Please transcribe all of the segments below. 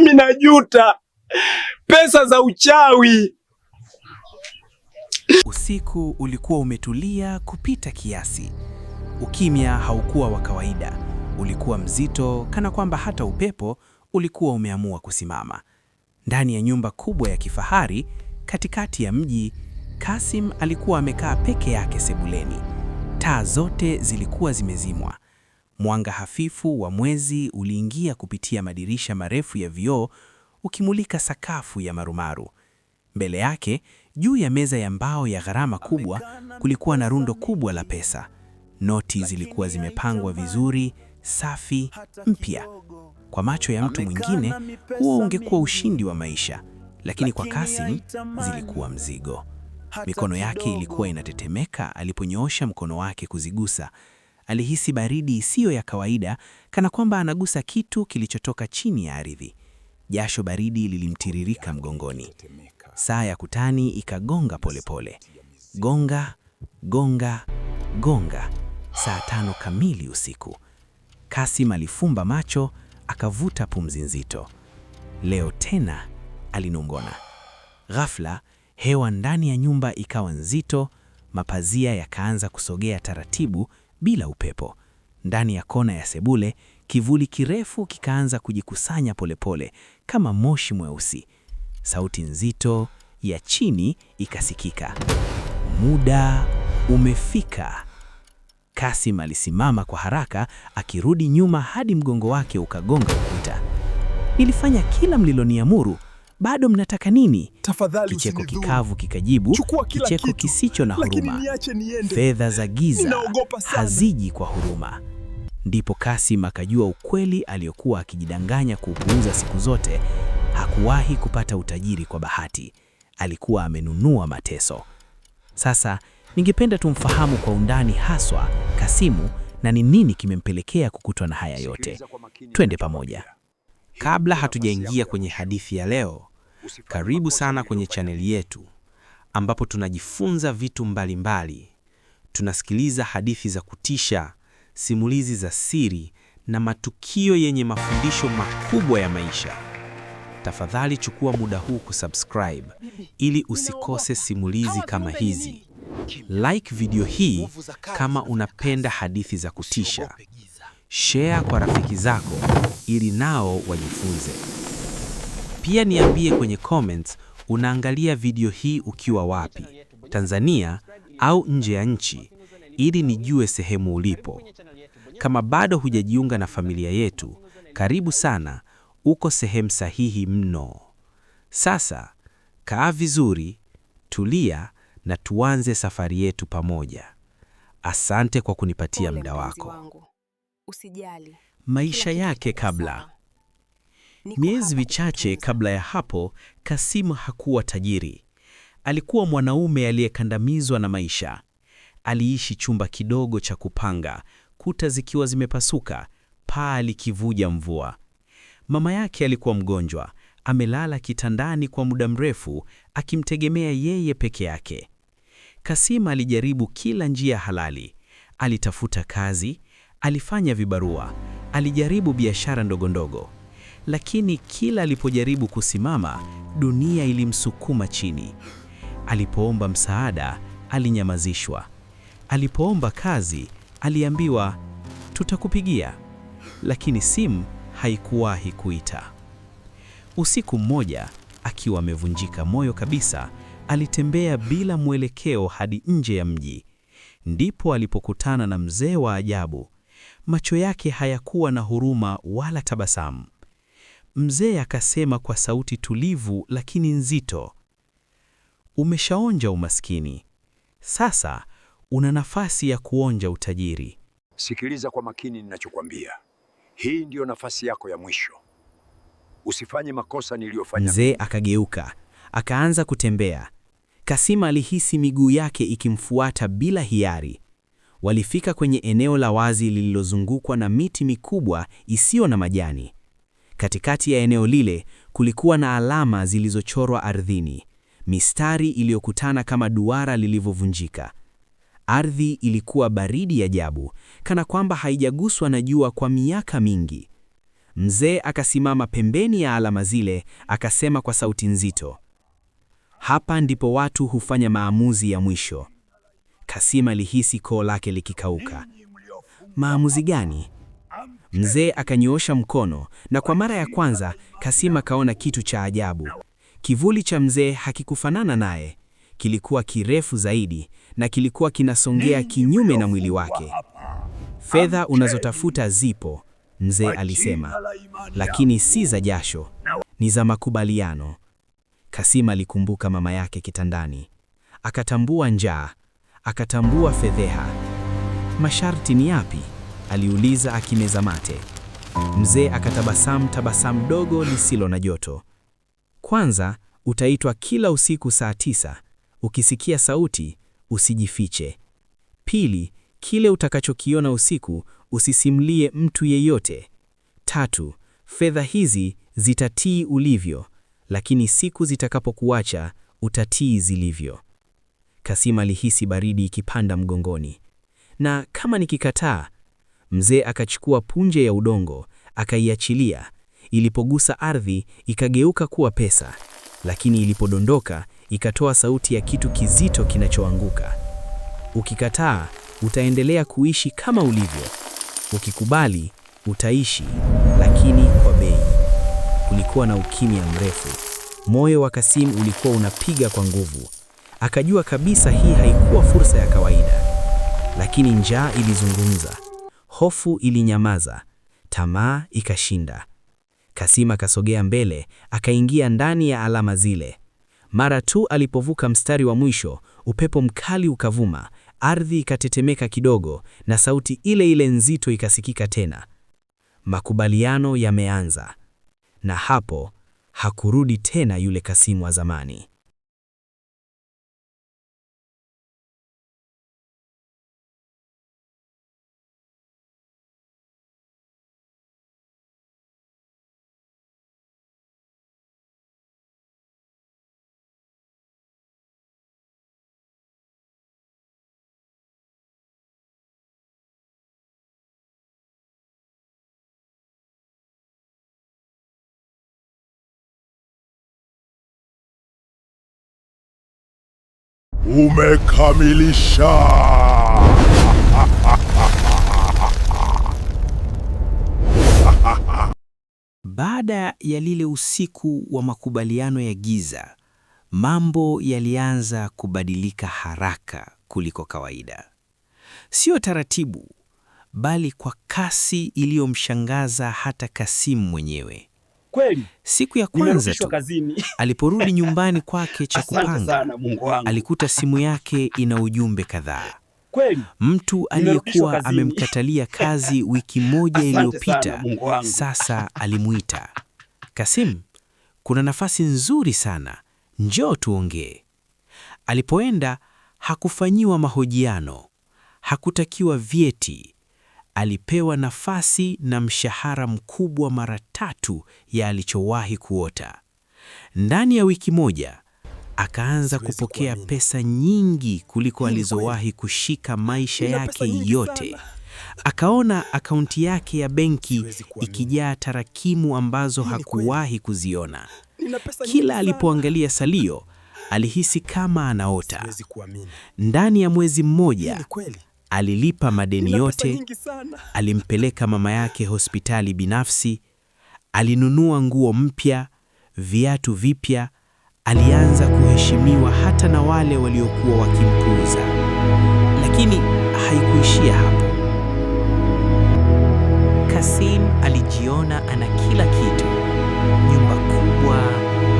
mimi najuta pesa za uchawi. Usiku ulikuwa umetulia kupita kiasi. Ukimya haukuwa wa kawaida, ulikuwa mzito, kana kwamba hata upepo ulikuwa umeamua kusimama. Ndani ya nyumba kubwa ya kifahari katikati ya mji, Kasim alikuwa amekaa peke yake sebuleni. Taa zote zilikuwa zimezimwa. Mwanga hafifu wa mwezi uliingia kupitia madirisha marefu ya vioo ukimulika sakafu ya marumaru. Mbele yake, juu ya meza ya mbao ya gharama kubwa, kulikuwa na rundo kubwa la pesa. Noti zilikuwa zimepangwa vizuri, safi, mpya. Kwa macho ya mtu mwingine, huo ungekuwa ushindi wa maisha, lakini kwa kasi zilikuwa mzigo. Mikono yake ilikuwa inatetemeka aliponyoosha mkono wake kuzigusa. Alihisi baridi isiyo ya kawaida, kana kwamba anagusa kitu kilichotoka chini ya ardhi. Jasho baridi lilimtiririka mgongoni. Saa ya kutani ikagonga polepole pole. Gonga, gonga, gonga. Saa tano kamili usiku. Kasim alifumba macho, akavuta pumzi nzito. Leo tena, alinungona Ghafla hewa ndani ya nyumba ikawa nzito, mapazia yakaanza kusogea taratibu bila upepo. Ndani ya kona ya sebule, kivuli kirefu kikaanza kujikusanya polepole kama moshi mweusi. Sauti nzito ya chini ikasikika, muda umefika. Kasim alisimama kwa haraka, akirudi nyuma hadi mgongo wake ukagonga ukuta. Nilifanya kila mliloniamuru, bado mnataka nini? Tafadhali. Kicheko kikavu kikajibu, kicheko kitu kisicho na huruma. Fedha za giza haziji kwa huruma. Ndipo Kasim akajua ukweli aliyokuwa akijidanganya kuupuuza siku zote. Hakuwahi kupata utajiri kwa bahati, alikuwa amenunua mateso. Sasa ningependa tumfahamu kwa undani haswa Kasimu na ni nini kimempelekea kukutwa na haya yote. Twende pamoja. Kabla hatujaingia kwenye hadithi ya leo, karibu sana kwenye chaneli yetu ambapo tunajifunza vitu mbalimbali mbali. Tunasikiliza hadithi za kutisha, simulizi za siri na matukio yenye mafundisho makubwa ya maisha. Tafadhali chukua muda huu kusubscribe ili usikose simulizi kama hizi. Like video hii kama unapenda hadithi za kutisha. Share kwa rafiki zako ili nao wajifunze. Pia niambie kwenye comments unaangalia video hii ukiwa wapi, Tanzania au nje ya nchi, ili nijue sehemu ulipo. Kama bado hujajiunga na familia yetu, karibu sana, uko sehemu sahihi mno. Sasa kaa vizuri, tulia na tuanze safari yetu pamoja. Asante kwa kunipatia muda wako. Usijali maisha yake kabla Miezi michache kabla ya hapo, Kasim hakuwa tajiri. Alikuwa mwanaume aliyekandamizwa na maisha. Aliishi chumba kidogo cha kupanga, kuta zikiwa zimepasuka, paa likivuja mvua. Mama yake alikuwa mgonjwa, amelala kitandani kwa muda mrefu, akimtegemea yeye peke yake. Kasim alijaribu kila njia halali. Alitafuta kazi, alifanya vibarua, alijaribu biashara ndogondogo lakini kila alipojaribu kusimama, dunia ilimsukuma chini. Alipoomba msaada, alinyamazishwa. Alipoomba kazi, aliambiwa tutakupigia, lakini simu haikuwahi kuita. Usiku mmoja, akiwa amevunjika moyo kabisa, alitembea bila mwelekeo hadi nje ya mji. Ndipo alipokutana na mzee wa ajabu. Macho yake hayakuwa na huruma wala tabasamu. Mzee akasema kwa sauti tulivu lakini nzito, umeshaonja umaskini, sasa una nafasi ya kuonja utajiri. Sikiliza kwa makini ninachokwambia, hii ndiyo nafasi yako ya mwisho. Usifanye makosa niliyofanya. Mzee akageuka akaanza kutembea. Kasima alihisi miguu yake ikimfuata bila hiari. Walifika kwenye eneo la wazi lililozungukwa na miti mikubwa isiyo na majani. Katikati ya eneo lile kulikuwa na alama zilizochorwa ardhini, mistari iliyokutana kama duara lilivyovunjika. Ardhi ilikuwa baridi ajabu, kana kwamba haijaguswa na jua kwa miaka mingi. Mzee akasimama pembeni ya alama zile, akasema kwa sauti nzito, hapa ndipo watu hufanya maamuzi ya mwisho. kasima alihisi koo lake likikauka. Maamuzi gani? Mzee akanyoosha mkono na kwa mara ya kwanza Kassim akaona kitu cha ajabu. Kivuli cha mzee hakikufanana naye, kilikuwa kirefu zaidi na kilikuwa kinasongea kinyume na mwili wake. Fedha unazotafuta zipo, mzee alisema, lakini si za jasho, ni za makubaliano. Kassim alikumbuka mama yake kitandani, akatambua njaa, akatambua fedheha. Masharti ni yapi? aliuliza akimeza mate. Mzee akatabasamu tabasamu dogo lisilo na joto. Kwanza utaitwa kila usiku saa tisa. Ukisikia sauti usijifiche. Pili, kile utakachokiona usiku usisimlie mtu yeyote. Tatu, fedha hizi zitatii ulivyo, lakini siku zitakapokuacha utatii zilivyo. kasima alihisi baridi ikipanda mgongoni. Na kama nikikataa, Mzee akachukua punje ya udongo akaiachilia. Ilipogusa ardhi ikageuka kuwa pesa, lakini ilipodondoka ikatoa sauti ya kitu kizito kinachoanguka. Ukikataa utaendelea kuishi kama ulivyo, ukikubali utaishi, lakini kwa bei. Kulikuwa na ukimya mrefu. Moyo wa Kasim ulikuwa unapiga kwa nguvu. Akajua kabisa hii haikuwa fursa ya kawaida, lakini njaa ilizungumza. Hofu ilinyamaza, tamaa ikashinda. Kassim akasogea mbele, akaingia ndani ya alama zile. Mara tu alipovuka mstari wa mwisho, upepo mkali ukavuma, ardhi ikatetemeka kidogo, na sauti ile ile nzito ikasikika tena, makubaliano yameanza. Na hapo hakurudi tena yule kasimu wa zamani. umekamilisha. Baada ya lile usiku wa makubaliano ya giza, mambo yalianza kubadilika haraka kuliko kawaida. Sio taratibu, bali kwa kasi iliyomshangaza hata Kasimu mwenyewe. Kweli. Siku ya kwanza tu aliporudi nyumbani kwake cha kupanga, alikuta simu yake ina ujumbe kadhaa. Kweli. Mtu aliyekuwa amemkatalia kazi wiki moja iliyopita sasa alimuita. Kasim, kuna nafasi nzuri sana, njoo tuongee. Alipoenda hakufanyiwa mahojiano, hakutakiwa vyeti, alipewa nafasi na mshahara mkubwa mara tatu ya alichowahi kuota. Ndani ya wiki moja akaanza kupokea pesa nyingi kuliko alizowahi kushika maisha yake yote. Akaona akaunti yake ya benki ikijaa tarakimu ambazo hakuwahi kuziona. Kila alipoangalia salio alihisi kama anaota. Ndani ya mwezi mmoja Alilipa madeni yote, alimpeleka mama yake hospitali binafsi, alinunua nguo mpya, viatu vipya, alianza kuheshimiwa hata na wale waliokuwa wakimpuuza. Lakini haikuishia hapo. Kasim alijiona ana kila kitu: nyumba kubwa,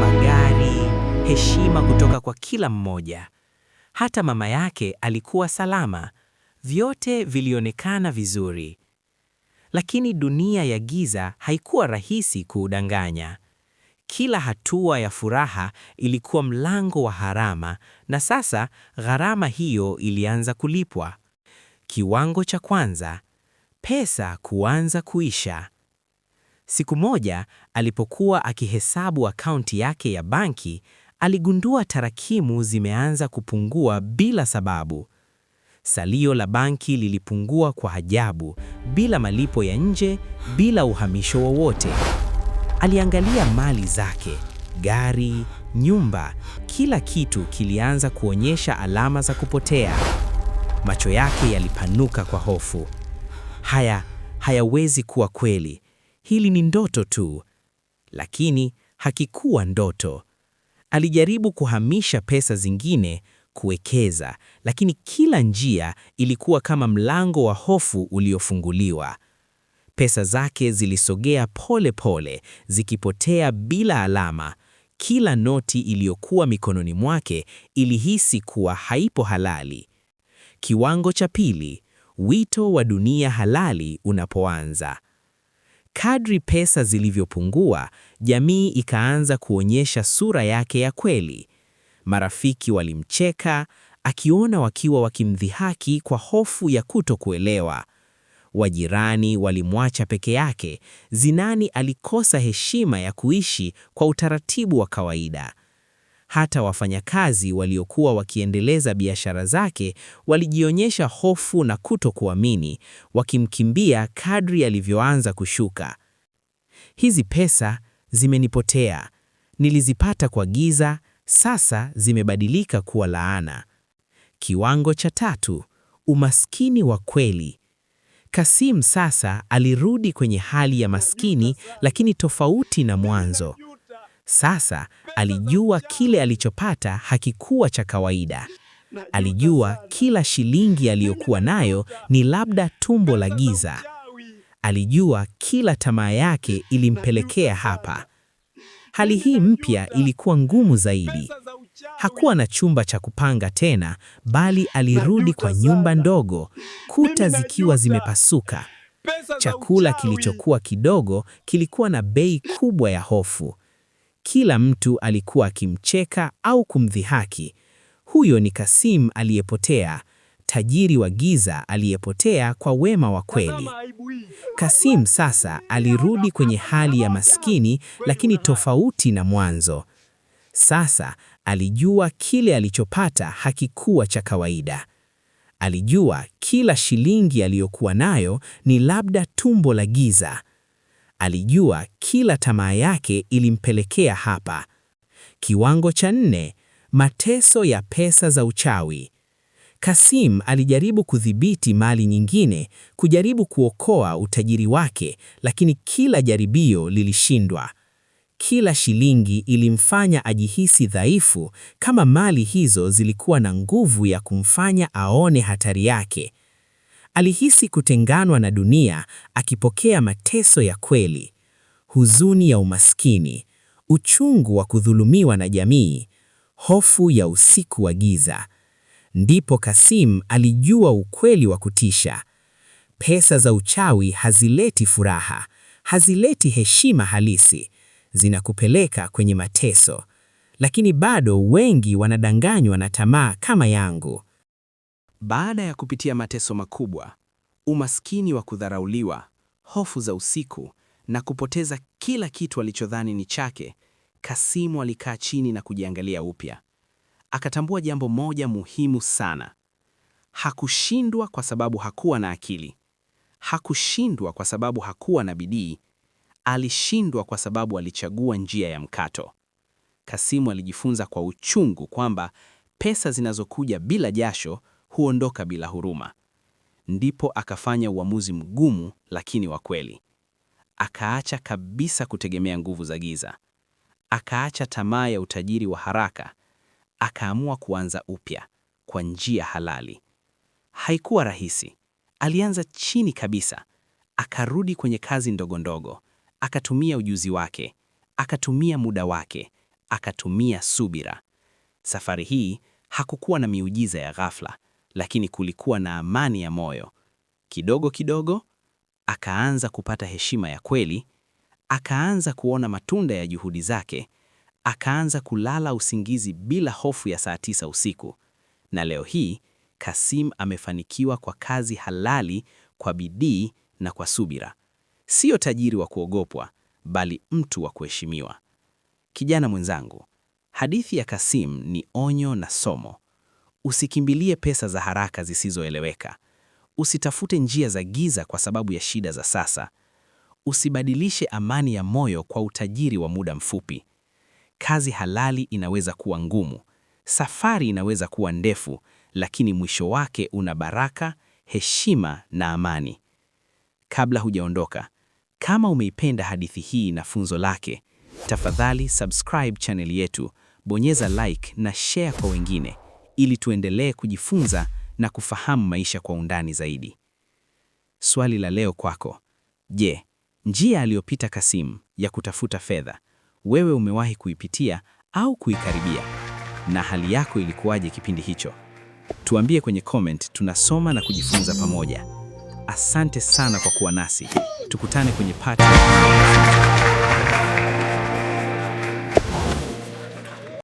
magari, heshima kutoka kwa kila mmoja. Hata mama yake alikuwa salama. Vyote vilionekana vizuri, lakini dunia ya giza haikuwa rahisi kuudanganya. Kila hatua ya furaha ilikuwa mlango wa gharama, na sasa gharama hiyo ilianza kulipwa. Kiwango cha kwanza, pesa kuanza kuisha. Siku moja alipokuwa akihesabu akaunti yake ya banki, aligundua tarakimu zimeanza kupungua bila sababu salio la banki lilipungua kwa ajabu, bila malipo ya nje, bila uhamisho wowote. Aliangalia mali zake, gari, nyumba, kila kitu kilianza kuonyesha alama za kupotea. Macho yake yalipanuka kwa hofu. Haya hayawezi kuwa kweli, hili ni ndoto tu. Lakini hakikuwa ndoto. Alijaribu kuhamisha pesa zingine, kuwekeza, lakini kila njia ilikuwa kama mlango wa hofu uliofunguliwa. Pesa zake zilisogea pole pole, zikipotea bila alama. Kila noti iliyokuwa mikononi mwake ilihisi kuwa haipo halali. Kiwango cha pili, wito wa dunia halali unapoanza. Kadri pesa zilivyopungua, jamii ikaanza kuonyesha sura yake ya kweli. Marafiki walimcheka, akiona wakiwa wakimdhihaki kwa hofu ya kutokuelewa. Wajirani walimwacha peke yake. Zinani alikosa heshima ya kuishi kwa utaratibu wa kawaida. Hata wafanyakazi waliokuwa wakiendeleza biashara zake walijionyesha hofu na kutokuamini, wakimkimbia kadri alivyoanza kushuka. Hizi pesa zimenipotea. Nilizipata kwa giza, sasa zimebadilika kuwa laana. Kiwango cha tatu, umaskini wa kweli. Kasim sasa alirudi kwenye hali ya maskini, lakini tofauti na mwanzo. Sasa alijua kile alichopata hakikuwa cha kawaida. Alijua kila shilingi aliyokuwa nayo ni labda tumbo la giza. Alijua kila tamaa yake ilimpelekea hapa. Hali hii mpya ilikuwa ngumu zaidi. Hakuwa na chumba cha kupanga tena, bali alirudi kwa nyumba ndogo, kuta zikiwa zimepasuka. Chakula kilichokuwa kidogo kilikuwa na bei kubwa ya hofu. Kila mtu alikuwa akimcheka au kumdhihaki. Huyo ni Kasim aliyepotea, tajiri wa giza aliyepotea kwa wema wa kweli. Kasim sasa alirudi kwenye hali ya maskini, lakini tofauti na mwanzo. Sasa alijua kile alichopata hakikuwa cha kawaida. Alijua kila shilingi aliyokuwa nayo ni labda tumbo la giza. Alijua kila tamaa yake ilimpelekea hapa. Kiwango cha nne: mateso ya pesa za uchawi. Kasim alijaribu kudhibiti mali nyingine, kujaribu kuokoa utajiri wake, lakini kila jaribio lilishindwa. Kila shilingi ilimfanya ajihisi dhaifu, kama mali hizo zilikuwa na nguvu ya kumfanya aone hatari yake. Alihisi kutenganwa na dunia, akipokea mateso ya kweli, huzuni ya umaskini, uchungu wa kudhulumiwa na jamii, hofu ya usiku wa giza. Ndipo Kasim alijua ukweli wa kutisha. Pesa za uchawi hazileti furaha, hazileti heshima halisi, zinakupeleka kwenye mateso. Lakini bado wengi wanadanganywa na tamaa kama yangu. Baada ya kupitia mateso makubwa, umaskini wa kudharauliwa, hofu za usiku na kupoteza kila kitu alichodhani ni chake, Kasimu alikaa chini na kujiangalia upya akatambua jambo moja muhimu sana. Hakushindwa kwa sababu hakuwa na akili. Hakushindwa kwa sababu hakuwa na bidii. Alishindwa kwa sababu alichagua njia ya mkato. Kasimu alijifunza kwa uchungu kwamba pesa zinazokuja bila jasho huondoka bila huruma. Ndipo akafanya uamuzi mgumu lakini wa kweli. Akaacha kabisa kutegemea nguvu za giza. Akaacha tamaa ya utajiri wa haraka akaamua kuanza upya kwa njia halali. Haikuwa rahisi. Alianza chini kabisa, akarudi kwenye kazi ndogo ndogo, akatumia ujuzi wake, akatumia muda wake, akatumia subira. Safari hii hakukuwa na miujiza ya ghafla, lakini kulikuwa na amani ya moyo. Kidogo kidogo akaanza kupata heshima ya kweli, akaanza kuona matunda ya juhudi zake, akaanza kulala usingizi bila hofu ya saa tisa usiku. Na leo hii Kasim amefanikiwa kwa kazi halali, kwa bidii na kwa subira. Sio tajiri wa kuogopwa, bali mtu wa kuheshimiwa. Kijana mwenzangu, hadithi ya Kasim ni onyo na somo. Usikimbilie pesa za haraka zisizoeleweka. Usitafute njia za giza kwa sababu ya shida za sasa. Usibadilishe amani ya moyo kwa utajiri wa muda mfupi kazi halali inaweza kuwa ngumu, safari inaweza kuwa ndefu, lakini mwisho wake una baraka, heshima na amani. Kabla hujaondoka, kama umeipenda hadithi hii na funzo lake, tafadhali subscribe channel yetu, bonyeza like na share kwa wengine, ili tuendelee kujifunza na kufahamu maisha kwa undani zaidi. Swali la leo kwako: je, njia aliyopita Kasim ya kutafuta fedha wewe umewahi kuipitia au kuikaribia, na hali yako ilikuwaje kipindi hicho? Tuambie kwenye comment, tunasoma na kujifunza pamoja. Asante sana kwa kuwa nasi, tukutane kwenye part